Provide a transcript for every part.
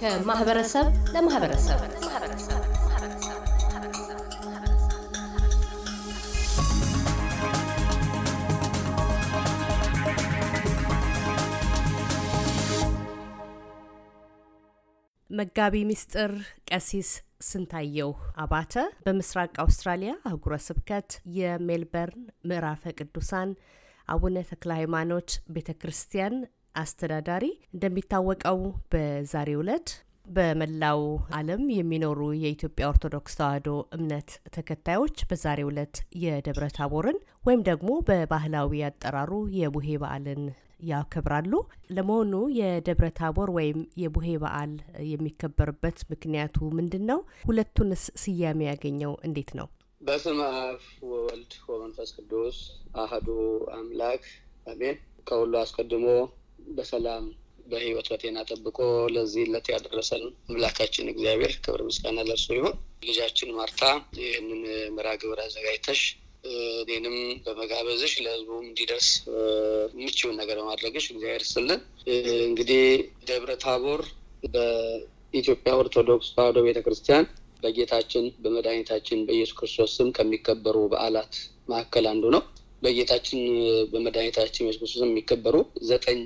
ከማህበረሰብ ለማህበረሰብ መጋቢ ምስጢር ቀሲስ ስንታየው አባተ በምስራቅ አውስትራሊያ አህጉረ ስብከት የሜልበርን ምዕራፈ ቅዱሳን አቡነ ተክለ ሃይማኖት ቤተ ክርስቲያን አስተዳዳሪ። እንደሚታወቀው በዛሬ ዕለት በመላው ዓለም የሚኖሩ የኢትዮጵያ ኦርቶዶክስ ተዋሕዶ እምነት ተከታዮች በዛሬው ዕለት የደብረ ታቦርን ወይም ደግሞ በባህላዊ አጠራሩ የቡሄ በዓልን ያከብራሉ። ለመሆኑ የደብረ ታቦር ወይም የቡሄ በዓል የሚከበርበት ምክንያቱ ምንድን ነው? ሁለቱንስ ስያሜ ያገኘው እንዴት ነው? በስመ አብ ወወልድ ወመንፈስ ቅዱስ አህዱ አምላክ አሜን። ከሁሉ አስቀድሞ በሰላም በህይወት በጤና ጠብቆ ለዚህ ለት ያደረሰን አምላካችን እግዚአብሔር ክብር ምስጋና ለእርሱ ይሁን። ልጃችን ማርታ ይህንን ምራ ግብር አዘጋጅተሽ እኔንም በመጋበዝሽ ለህዝቡም እንዲደርስ የምችውን ነገር በማድረግሽ እግዚአብሔር ስልን እንግዲህ ደብረ ታቦር በኢትዮጵያ ኦርቶዶክስ ተዋህዶ ቤተክርስቲያን በጌታችን በመድኃኒታችን በኢየሱስ ክርስቶስ ስም ከሚከበሩ በዓላት መካከል አንዱ ነው። በጌታችን በመድኃኒታችን ኢየሱስ ክርስቶስ የሚከበሩ ዘጠኝ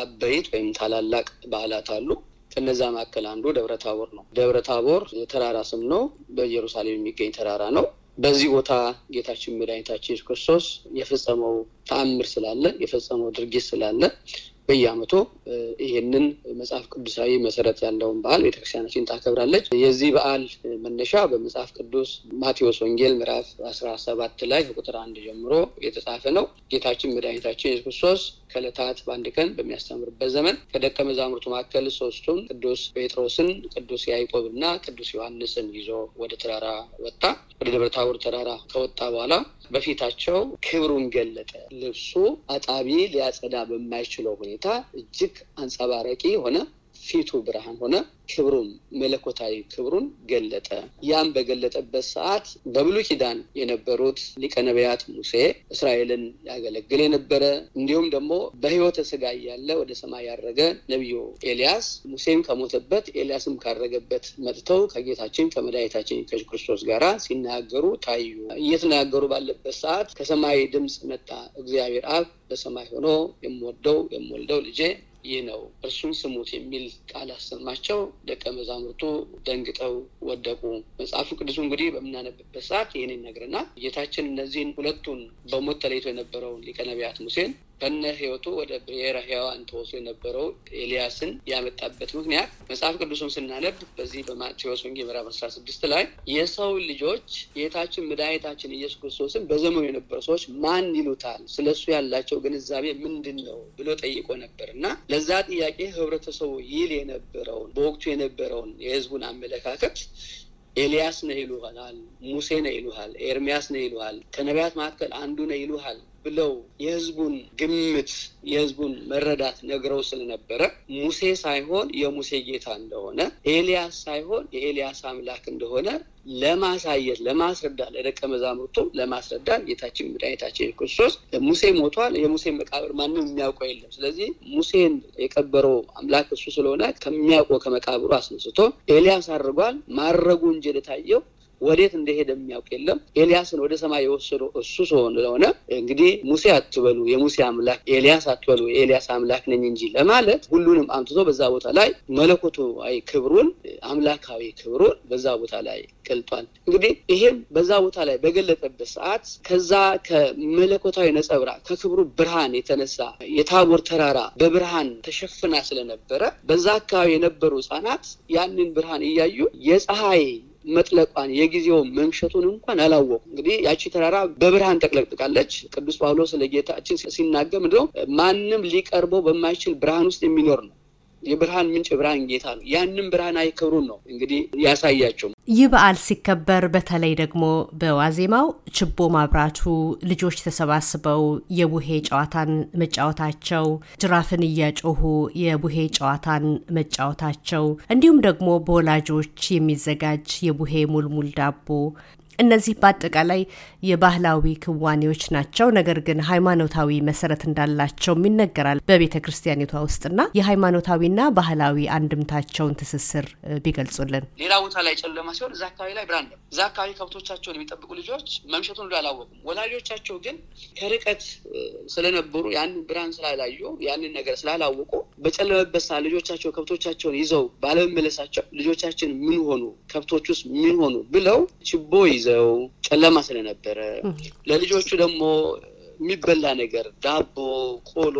አበይት ወይም ታላላቅ በዓላት አሉ። ከነዛ መካከል አንዱ ደብረ ታቦር ነው። ደብረ ታቦር የተራራ ስም ነው። በኢየሩሳሌም የሚገኝ ተራራ ነው። በዚህ ቦታ ጌታችን መድኃኒታችን ኢየሱስ ክርስቶስ የፈጸመው ተአምር ስላለ የፈጸመው ድርጊት ስላለ በየአመቱ ይህንን መጽሐፍ ቅዱሳዊ መሰረት ያለውን በዓል ቤተክርስቲያናችን ታከብራለች። የዚህ በዓል መነሻ በመጽሐፍ ቅዱስ ማቴዎስ ወንጌል ምዕራፍ አስራ ሰባት ላይ ከቁጥር አንድ ጀምሮ የተጻፈ ነው። ጌታችን መድኃኒታችን ኢየሱስ ክርስቶስ ከዕለታት በአንድ ቀን በሚያስተምርበት ዘመን ከደቀ መዛሙርቱ መካከል ሶስቱን ቅዱስ ጴጥሮስን፣ ቅዱስ ያዕቆብና ቅዱስ ዮሐንስን ይዞ ወደ ተራራ ወጣ። ወደ ደብረ ታቦር ተራራ ከወጣ በኋላ በፊታቸው ክብሩን ገለጠ። ልብሱ አጣቢ ሊያጸዳ በማይችለው ሁኔታ ሁኔታ እጅግ አንጸባራቂ የሆነ ፊቱ ብርሃን ሆነ፣ ክብሩም መለኮታዊ ክብሩን ገለጠ። ያም በገለጠበት ሰዓት በብሉይ ኪዳን የነበሩት ሊቀ ነቢያት ሙሴ እስራኤልን ያገለግል የነበረ እንዲሁም ደግሞ በሕይወተ ስጋ እያለ ወደ ሰማይ ያረገ ነቢዩ ኤልያስ ሙሴም ከሞተበት ኤልያስም ካረገበት መጥተው ከጌታችን ከመድኃኒታችን ከኢየሱስ ክርስቶስ ጋር ሲናገሩ ታዩ። እየተናገሩ ባለበት ሰዓት ከሰማይ ድምፅ መጣ። እግዚአብሔር አብ በሰማይ ሆኖ የምወደው የምወልደው ልጄ ይህ ነው እርሱን ስሙት የሚል ቃል አሰማቸው። ደቀ መዛሙርቱ ደንግጠው ወደቁ። መጽሐፉ ቅዱሱ እንግዲህ በምናነብበት ሰዓት ይህን ይነግርና ጌታችን እነዚህን ሁለቱን በሞት ተለይቶ የነበረውን ሊቀነቢያት ሙሴን ከነ ህይወቱ ወደ ብሔረ ህያዋን ተወስዶ የነበረው ኤልያስን ያመጣበት ምክንያት መጽሐፍ ቅዱሱን ስናነብ በዚህ በማቴዎስ ወንጌ ምዕራፍ አስራ ስድስት ላይ የሰው ልጆች ጌታችን መድኃኒታችን ኢየሱስ ክርስቶስን በዘመኑ የነበሩ ሰዎች ማን ይሉታል፣ ስለ እሱ ያላቸው ግንዛቤ ምንድን ነው ብሎ ጠይቆ ነበር እና ለዛ ጥያቄ ህብረተሰቡ ይል የነበረውን በወቅቱ የነበረውን የህዝቡን አመለካከት ኤልያስ ነ ይሉሃል፣ ሙሴ ነ ይሉሃል፣ ኤርሚያስ ነ ይሉሃል፣ ከነቢያት መካከል አንዱ ነ ይሉሃል ብለው የህዝቡን ግምት የህዝቡን መረዳት ነግረው ስለነበረ ሙሴ ሳይሆን የሙሴ ጌታ እንደሆነ ኤልያስ ሳይሆን የኤልያስ አምላክ እንደሆነ ለማሳየት ለማስረዳት ለደቀ መዛሙርቱ ለማስረዳት ጌታችን መድኃኒታችን ክርስቶስ ሙሴ ሞቷል። የሙሴን መቃብር ማንም የሚያውቀው የለም። ስለዚህ ሙሴን የቀበረው አምላክ እሱ ስለሆነ ከሚያውቀው ከመቃብሩ አስነስቶ ኤልያስ አድርጓል። ማድረጉ እንጂ የታየው ወዴት እንደሄደ የሚያውቅ የለም። ኤልያስን ወደ ሰማይ የወሰደው እሱ ስለሆነ እንግዲህ ሙሴ አትበሉ የሙሴ አምላክ ኤልያስ አትበሉ የኤልያስ አምላክ ነኝ እንጂ ለማለት ሁሉንም አምጥቶ በዛ ቦታ ላይ መለኮታዊ ክብሩን አምላካዊ ክብሩን በዛ ቦታ ላይ ገልጧል። እንግዲህ ይሄም በዛ ቦታ ላይ በገለጠበት ሰዓት ከዛ ከመለኮታዊ ነጸብራቅ ከክብሩ ብርሃን የተነሳ የታቦር ተራራ በብርሃን ተሸፍና ስለነበረ በዛ አካባቢ የነበሩ ህጻናት ያንን ብርሃን እያዩ የፀሐይ መጥለቋን የጊዜው መምሸቱን እንኳን አላወቁ። እንግዲህ ያቺ ተራራ በብርሃን ተቅለቅልቃለች። ቅዱስ ጳውሎስ ስለጌታችን ሲናገር ምንድነው ማንም ሊቀርበው በማይችል ብርሃን ውስጥ የሚኖር ነው። የብርሃን ምንጭ ብርሃን ጌታ ነው። ያንን ብርሃን አይክብሩን ነው እንግዲህ ያሳያቸው። ይህ በዓል ሲከበር በተለይ ደግሞ በዋዜማው ችቦ ማብራቱ፣ ልጆች ተሰባስበው የቡሄ ጨዋታን መጫወታቸው፣ ጅራፍን እያጮሁ የቡሄ ጨዋታን መጫወታቸው፣ እንዲሁም ደግሞ በወላጆች የሚዘጋጅ የቡሄ ሙልሙል ዳቦ እነዚህ በአጠቃላይ የባህላዊ ክዋኔዎች ናቸው። ነገር ግን ሃይማኖታዊ መሰረት እንዳላቸውም ይነገራል በቤተ ክርስቲያኒቷ ውስጥና የሃይማኖታዊና ባህላዊ አንድምታቸውን ትስስር ቢገልጹልን። ሌላ ቦታ ላይ ጨለማ ሲሆን እዛ አካባቢ ላይ ብራን ነው። እዛ አካባቢ ከብቶቻቸውን የሚጠብቁ ልጆች መምሸቱን ሁሉ አላወቁም። ወላጆቻቸው ግን ከርቀት ስለነበሩ ያንን ብራን ስላላዩ ያንን ነገር ስላላወቁ በጨለመበት ሰዓት ልጆቻቸው ከብቶቻቸውን ይዘው ባለመመለሳቸው ልጆቻችን ምን ሆኑ፣ ከብቶች ውስጥ ምን ሆኑ ብለው ችቦ ይዘው ይዘው ጨለማ ስለነበረ ለልጆቹ ደግሞ የሚበላ ነገር ዳቦ፣ ቆሎ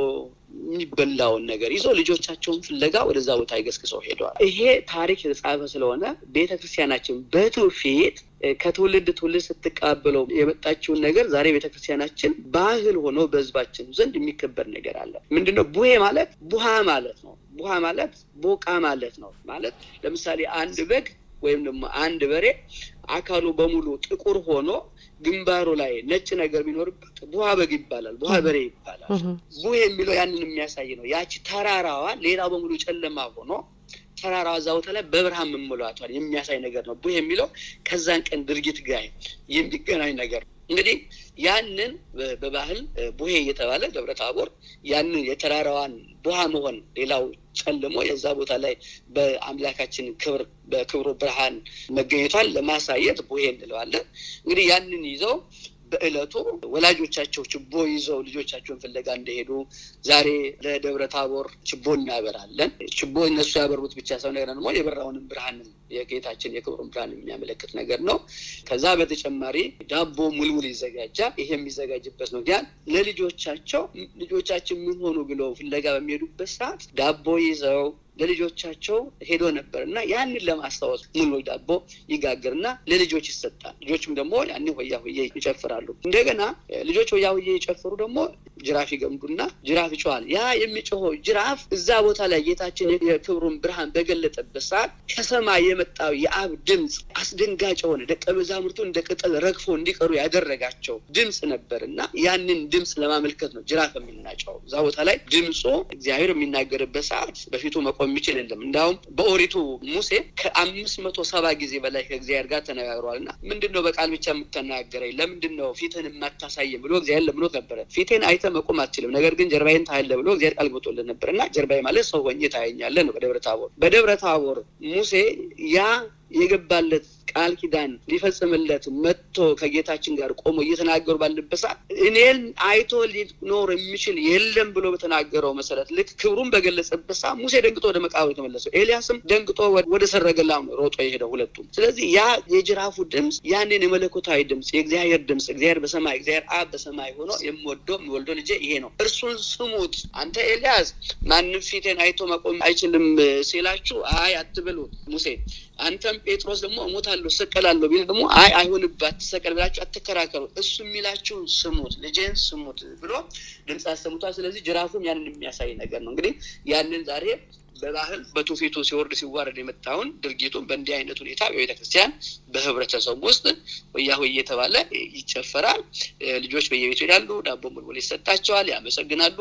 የሚበላውን ነገር ይዞ ልጆቻቸውን ፍለጋ ወደዛ ቦታ ይገስግሰው ሄደዋል። ይሄ ታሪክ የተጻፈ ስለሆነ ቤተ ክርስቲያናችን በትውፊት ከትውልድ ትውልድ ስትቀበለው የመጣችውን ነገር ዛሬ ቤተክርስቲያናችን ባህል ሆኖ በህዝባችን ዘንድ የሚከበር ነገር አለ። ምንድነው? ቡሄ ማለት ቡሃ ማለት ነው። ቡሃ ማለት ቦቃ ማለት ነው። ማለት ለምሳሌ አንድ በግ ወይም ደግሞ አንድ በሬ አካሉ በሙሉ ጥቁር ሆኖ ግንባሩ ላይ ነጭ ነገር ቢኖርበት ቡሃ በግ ይባላል፣ ቡሃ በሬ ይባላል። ቡ የሚለው ያንን የሚያሳይ ነው። ያቺ ተራራዋ ሌላ በሙሉ ጨለማ ሆኖ ተራራ እዛ ላይ በብርሃን መሞላቷል የሚያሳይ ነገር ነው። ቡህ የሚለው ከዛን ቀን ድርጊት ጋር የሚገናኝ ነገር ነው። እንግዲህ ያንን በባህል ቡሄ እየተባለ ደብረ ታቦር ያንን የተራራዋን ቡሃ መሆን ሌላው ጨልሞ የዛ ቦታ ላይ በአምላካችን ክብር በክብሩ ብርሃን መገኘቷን ለማሳየት ቡሄ እንለዋለን። እንግዲህ ያንን ይዘው በእለቱ ወላጆቻቸው ችቦ ይዘው ልጆቻቸውን ፍለጋ እንደሄዱ ዛሬ ለደብረ ታቦር ችቦ እናበራለን። ችቦ እነሱ ያበሩት ብቻ ሰው ነገር ደግሞ የበራውንም ብርሃንም የጌታችን የክብሩን ብርሃን የሚያመለክት ነገር ነው። ከዛ በተጨማሪ ዳቦ ሙልሙል ይዘጋጃል። ይሄ የሚዘጋጅበት ነው ያ ለልጆቻቸው ልጆቻችን ምን ሆኑ ብለው ፍለጋ በሚሄዱበት ሰዓት ዳቦ ይዘው ለልጆቻቸው ሄዶ ነበር እና ያንን ለማስታወስ ሙሉ ዳቦ ይጋግርና ለልጆች ይሰጣል። ልጆችም ደግሞ ያን ሆያ ሆዬ ይጨፍራሉ። እንደገና ልጆች ሆያ ሆዬ ይጨፍሩ ደግሞ ጅራፍ ይገምዱና ጅራፍ ይጮሃል። ያ የሚጮኸው ጅራፍ እዛ ቦታ ላይ ጌታችን የክብሩን ብርሃን በገለጠበት ሰዓት ከሰማይ የመጣው የአብ ድምፅ አስደንጋጭ የሆነ ደቀ መዛሙርቱ እንደ ቅጠል ረግፎ እንዲቀሩ ያደረጋቸው ድምፅ ነበር እና ያንን ድምፅ ለማመልከት ነው ጅራፍ የሚናጨው። እዛ ቦታ ላይ ድምፁ እግዚአብሔር የሚናገርበት ሰዓት በፊቱ መቆም የሚችል የለም። እንዲሁም በኦሪቱ ሙሴ ከአምስት መቶ ሰባ ጊዜ በላይ ከእግዚአብሔር ጋር ተነጋግሯል እና ምንድን ነው በቃል ብቻ የምትናገረኝ ለምንድን ነው ፊትህን የማታሳየኝ ብሎ እግዚአብሔር ለምኖት ነበረ። ፊቴን አይተህ መቆም አትችልም፣ ነገር ግን ጀርባዬን ታያለህ ብሎ እግዚአብሔር ቃል ገብቶልን ነበር እና ጀርባዬ ማለት ሰው ሆኜ ታየኛለህ ነው በደብረ ታቦር በደብረ ታቦር ሙሴ ያ የገባለት ቃል ኪዳን ሊፈጽምለት መጥቶ ከጌታችን ጋር ቆሞ እየተናገሩ ባለበት ሰዓት እኔን አይቶ ሊኖር የሚችል የለም ብሎ በተናገረው መሰረት ልክ ክብሩን በገለጸበት ሰዓት ሙሴ ደንግጦ ወደ መቃብር የተመለሰው፣ ኤልያስም ደንግጦ ወደ ሰረገላ ሮጦ የሄደው ሁለቱም። ስለዚህ ያ የጅራፉ ድምፅ ያንን የመለኮታዊ ድምፅ የእግዚአብሔር ድምፅ እግዚአብሔር በሰማይ እግዚአብሔር አብ በሰማይ ሆኖ የምወደው የምወልደው ልጄ ይሄ ነው እርሱን ስሙት። አንተ ኤልያስ ማንም ፊቴን አይቶ መቆም አይችልም ሲላችሁ አይ አትበሉት ሙሴ አንተም ጴጥሮስ ደግሞ ሞታ ሰቀል ሰቀላለሁ ቢል ደግሞ አይ አይሆንባት አትሰቀል ብላችሁ አትከራከሩ፣ እሱ የሚላችሁን ስሙት፣ ልጄን ስሙት ብሎ ድምፅ አሰምቷል። ስለዚህ ጅራፉም ያንን የሚያሳይ ነገር ነው። እንግዲህ ያንን ዛሬ በባህል በትውፊቱ ሲወርድ ሲዋረድ የመጣውን ድርጊቱን በእንዲህ አይነት ሁኔታ በቤተክርስቲያን በህብረተሰቡ ውስጥ ወያሁ እየተባለ ይጨፈራል። ልጆች በየቤቱ ይሄዳሉ፣ ዳቦ ምልቦል ይሰጣቸዋል፣ ያመሰግናሉ።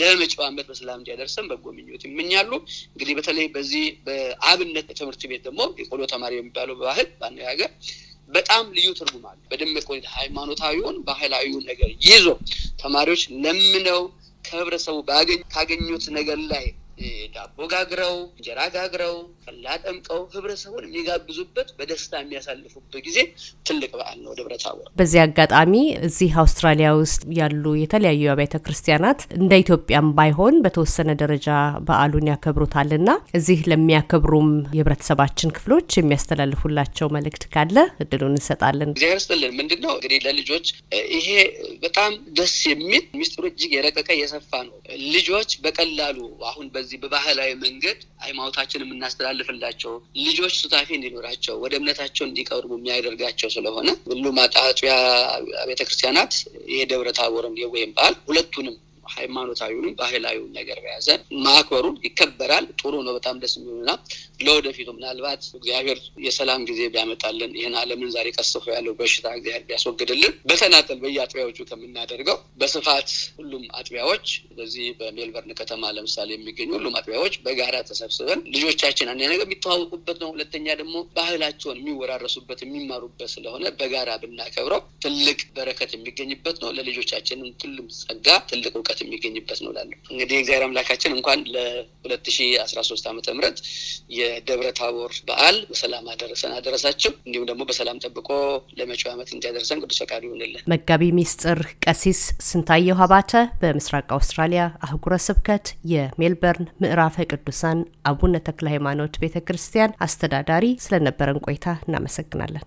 ለመጪው ዓመት በሰላም እንዲያደርሰን በጎ ምኞት ይመኛሉ። እንግዲህ በተለይ በዚህ በአብነት ትምህርት ቤት ደግሞ የቆሎ ተማሪ የሚባለው በባህል በአነጋገር በጣም ልዩ ትርጉም አለ። በደመቀ ሁኔታ ሃይማኖታዊውን ባህላዊውን ነገር ይዞ ተማሪዎች ለምነው ከህብረተሰቡ ካገኙት ነገር ላይ ዳቦ ጋግረው፣ እንጀራ ጋግረው፣ ጠላ ጠምቀው ህብረተሰቡን የሚጋብዙበት በደስታ የሚያሳልፉበት ጊዜ ትልቅ በዓል ነው ደብረ ታቦር። በዚህ አጋጣሚ እዚህ አውስትራሊያ ውስጥ ያሉ የተለያዩ አብያተ ክርስቲያናት እንደ ኢትዮጵያም ባይሆን በተወሰነ ደረጃ በዓሉን ያከብሩታልና እዚህ ለሚያከብሩም የህብረተሰባችን ክፍሎች የሚያስተላልፉላቸው መልእክት ካለ እድሉን እንሰጣለን። እግዚአብሔር ይስጥልን። ምንድን ነው እንግዲህ ለልጆች ይሄ በጣም ደስ የሚል ሚስጥሩ እጅግ የረቀቀ የሰፋ ነው። ልጆች በቀላሉ አሁን በዚህ በዚህ በባህላዊ መንገድ ሃይማኖታችን የምናስተላልፍላቸው ልጆች ሱታፌ እንዲኖራቸው ወደ እምነታቸው እንዲቀርቡ የሚያደርጋቸው ስለሆነ ሁሉ አጣጥቢያ ቤተክርስቲያናት ይሄ ደብረ ታቦርም ወይም በዓል ሁለቱንም ሃይማኖታዊውንም ባህላዊውን ነገር በያዘ ማክበሩን ይከበራል። ጥሩ ነው። በጣም ደስ የሚሆንና ለወደፊቱ ምናልባት እግዚአብሔር የሰላም ጊዜ ቢያመጣልን ይህን አለምን ዛሬ ቀስፎ ያለው በሽታ እግዚአብሔር ቢያስወግድልን በተናጠል በየአጥቢያዎቹ ከምናደርገው በስፋት ሁሉም አጥቢያዎች በዚህ በሜልበርን ከተማ ለምሳሌ የሚገኙ ሁሉም አጥቢያዎች በጋራ ተሰብስበን ልጆቻችን አንድ ነገር የሚተዋወቁበት ነው። ሁለተኛ ደግሞ ባህላቸውን የሚወራረሱበት የሚማሩበት ስለሆነ በጋራ ብናከብረው ትልቅ በረከት የሚገኝበት ነው። ለልጆቻችንም ትልቅ ጸጋ፣ ትልቅ እውቀት እውቀት የሚገኝበት ነው ላለ እንግዲህ እግዚአብሔር አምላካችን እንኳን ለሁለት ሺ አስራ ሶስት ዓመተ ምህረት የደብረ ታቦር በዓል በሰላም አደረሰን አደረሳቸው። እንዲሁም ደግሞ በሰላም ጠብቆ ለመጪው ዓመት እንዲያደርሰን ቅዱስ ፈቃዱ ይሆንልን። መጋቢ ሚስጥር ቀሲስ ስንታየው ሀባተ በምስራቅ አውስትራሊያ አህጉረ ስብከት የሜልበርን ምዕራፈ ቅዱሳን አቡነ ተክለ ሃይማኖት ቤተ ክርስቲያን አስተዳዳሪ ስለነበረን ቆይታ እናመሰግናለን።